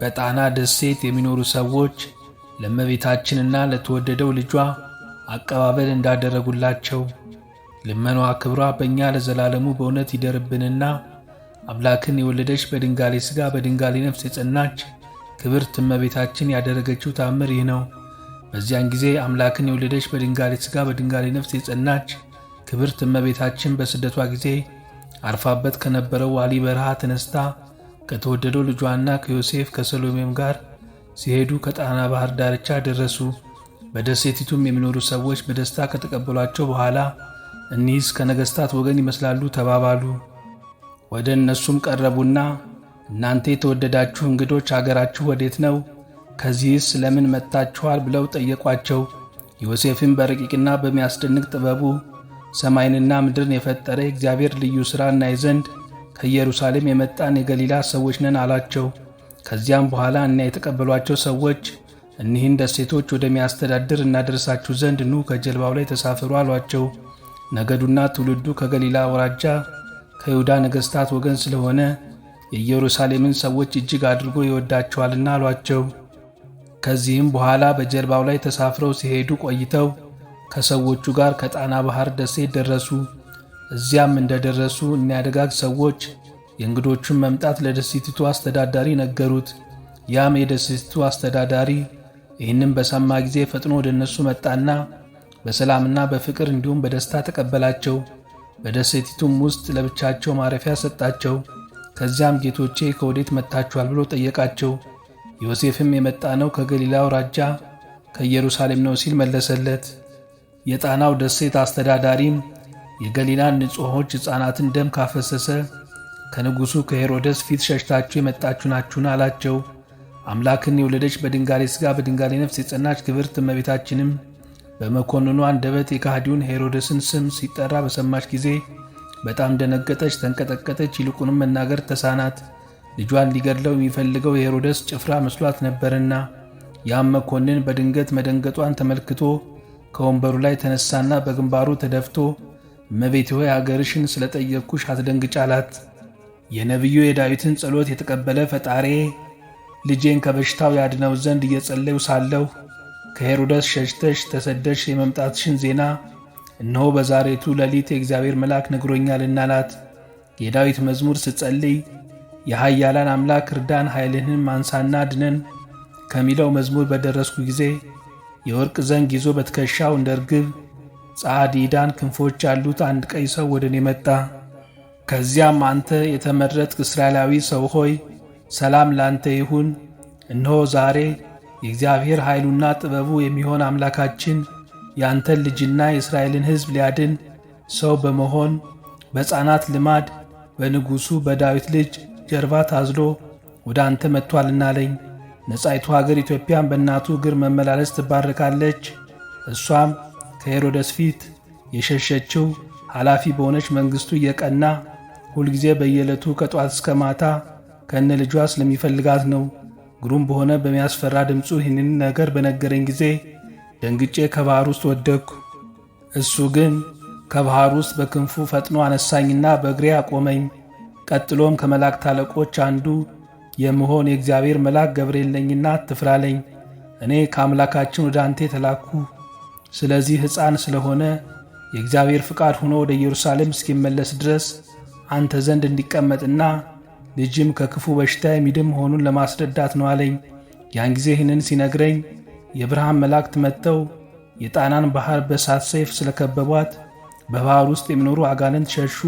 በጣና ደሴት የሚኖሩ ሰዎች ለእመቤታችንና ለተወደደው ልጇ አቀባበል እንዳደረጉላቸው ልመኗ ክብሯ በእኛ ለዘላለሙ በእውነት ይደርብንና አምላክን የወለደች በድንጋሌ ሥጋ በድንጋሌ ነፍስ የጸናች ክብርት እመቤታችን ያደረገችው ታምር ይህ ነው። በዚያን ጊዜ አምላክን የወለደች በድንጋሌ ሥጋ በድንጋሌ ነፍስ የጸናች ክብርት እመቤታችን በስደቷ ጊዜ አርፋበት ከነበረው ዋሊ በረሃ ተነስታ ከተወደደው ልጇና ከዮሴፍ ከሰሎሜም ጋር ሲሄዱ ከጣና ባህር ዳርቻ ደረሱ። በደሴቲቱም የሚኖሩ ሰዎች በደስታ ከተቀበሏቸው በኋላ እኒህስ ከነገሥታት ወገን ይመስላሉ ተባባሉ። ወደ እነሱም ቀረቡና እናንተ የተወደዳችሁ እንግዶች አገራችሁ ወዴት ነው? ከዚህስ ለምን መጥታችኋል? ብለው ጠየቋቸው። ዮሴፍም በረቂቅና በሚያስደንቅ ጥበቡ ሰማይንና ምድርን የፈጠረ የእግዚአብሔር ልዩ ሥራ እናይ ዘንድ ከኢየሩሳሌም የመጣን የገሊላ ሰዎች ነን አላቸው። ከዚያም በኋላ እኒያ የተቀበሏቸው ሰዎች እኒህን ደሴቶች ወደሚያስተዳድር እናደርሳችሁ ዘንድ ኑ ከጀልባው ላይ ተሳፈሩ አሏቸው። ነገዱና ትውልዱ ከገሊላ አውራጃ ከይሁዳ ነገሥታት ወገን ስለሆነ የኢየሩሳሌምን ሰዎች እጅግ አድርጎ ይወዳቸዋልና አሏቸው። ከዚህም በኋላ በጀልባው ላይ ተሳፍረው ሲሄዱ ቆይተው ከሰዎቹ ጋር ከጣና ባሕር ደሴት ደረሱ። እዚያም እንደደረሱ እናያደጋግ ሰዎች የእንግዶቹን መምጣት ለደሴቲቱ አስተዳዳሪ ነገሩት። ያም የደሴቲቱ አስተዳዳሪ ይህንም በሰማ ጊዜ ፈጥኖ ወደ እነሱ መጣና በሰላምና በፍቅር እንዲሁም በደስታ ተቀበላቸው። በደሴቲቱም ውስጥ ለብቻቸው ማረፊያ ሰጣቸው። ከዚያም ጌቶቼ ከወዴት መጥታችኋል ብሎ ጠየቃቸው። ዮሴፍም የመጣ ነው ከገሊላ አውራጃ ከኢየሩሳሌም ነው ሲል መለሰለት። የጣናው ደሴት አስተዳዳሪም የገሊላን ንጹሖች ሕፃናትን ደም ካፈሰሰ ከንጉሡ ከሄሮደስ ፊት ሸሽታችሁ የመጣችሁ ናችሁን አላቸው። አምላክን የወለደች በድንጋሌ ሥጋ በድንጋሌ ነፍስ የጸናች ክብርት እመቤታችንም በመኮንኑ አንደበት የካህዲውን ሄሮደስን ስም ሲጠራ በሰማች ጊዜ በጣም ደነገጠች፣ ተንቀጠቀጠች፣ ይልቁንም መናገር ተሳናት። ልጇን ሊገድለው የሚፈልገው የሄሮደስ ጭፍራ መስሏት ነበርና። ያም መኮንን በድንገት መደንገጧን ተመልክቶ ከወንበሩ ላይ ተነሳና በግንባሩ ተደፍቶ እመቤት ሆይ አገርሽን ስለ ጠየቅኩሽ አትደንግጭ አላት። የነቢዩ የዳዊትን ጸሎት የተቀበለ ፈጣሬ ልጄን ከበሽታው ያድነው ዘንድ እየጸለዩ ሳለሁ ከሄሮደስ ሸሽተሽ ተሰደሽ የመምጣትሽን ዜና እነሆ በዛሬቱ ሌሊት የእግዚአብሔር መልአክ ነግሮኛልና አላት። የዳዊት መዝሙር ስጸልይ የኃያላን አምላክ እርዳን፣ ኃይልህን አንሳና ድነን ከሚለው መዝሙር በደረስኩ ጊዜ የወርቅ ዘንግ ይዞ በትከሻው እንደ ርግብ ጻዲዳን ክንፎች ያሉት አንድ ቀይ ሰው ወደ እኔ መጣ። ከዚያም አንተ የተመረጥክ እስራኤላዊ ሰው ሆይ ሰላም ላንተ ይሁን። እነሆ ዛሬ የእግዚአብሔር ኃይሉና ጥበቡ የሚሆን አምላካችን የአንተን ልጅና የእስራኤልን ሕዝብ ሊያድን ሰው በመሆን በሕፃናት ልማድ በንጉሡ በዳዊት ልጅ ጀርባ ታዝሎ ወደ አንተ መጥቷልና አለኝ። ነጻይቱ አገር ኢትዮጵያን በእናቱ እግር መመላለስ ትባርካለች። እሷም ከሄሮደስ ፊት የሸሸችው ኃላፊ በሆነች መንግሥቱ እየቀና ሁልጊዜ በየዕለቱ ከጧት እስከ ማታ ከነ ልጇ ስለሚፈልጋት ነው። ግሩም በሆነ በሚያስፈራ ድምፁ ይህንን ነገር በነገረኝ ጊዜ ደንግጬ ከባሕር ውስጥ ወደግኩ። እሱ ግን ከባሕር ውስጥ በክንፉ ፈጥኖ አነሳኝና በእግሬ አቆመኝ። ቀጥሎም ከመላእክት አለቆች አንዱ የምሆን የእግዚአብሔር መልአክ ገብርኤል ነኝና እኔ ከአምላካችን ወደ አንተ የተላኩ ስለዚህ ሕፃን ስለሆነ የእግዚአብሔር ፍቃድ ሆኖ ወደ ኢየሩሳሌም እስኪመለስ ድረስ አንተ ዘንድ እንዲቀመጥና ልጅም ከክፉ በሽታ የሚድም መሆኑን ለማስረዳት ነው አለኝ። ያን ጊዜ ይህንን ሲነግረኝ የብርሃን መላእክት መጥተው የጣናን ባሕር በእሳት ሰይፍ ስለከበቧት በባሕር ውስጥ የሚኖሩ አጋንንት ሸሹ፣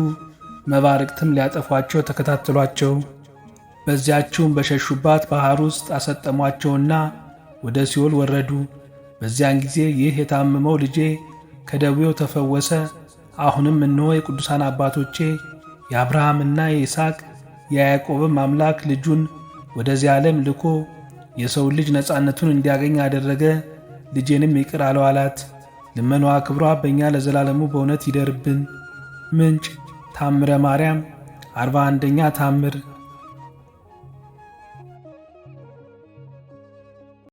መባርቅትም ሊያጠፏቸው ተከታተሏቸው። በዚያችውም በሸሹባት ባሕር ውስጥ አሰጠሟቸውና ወደ ሲኦል ወረዱ። በዚያን ጊዜ ይህ የታመመው ልጄ ከደዌው ተፈወሰ። አሁንም እነሆ የቅዱሳን አባቶቼ የአብርሃምና የይስሐቅ የያዕቆብም አምላክ ልጁን ወደዚህ ዓለም ልኮ የሰው ልጅ ነፃነቱን እንዲያገኝ አደረገ። ልጄንም ይቅር አለው አላት። ልመኗ ክብሯ በእኛ ለዘላለሙ በእውነት ይደርብን። ምንጭ ታምረ ማርያም 41 አንደኛ ታምር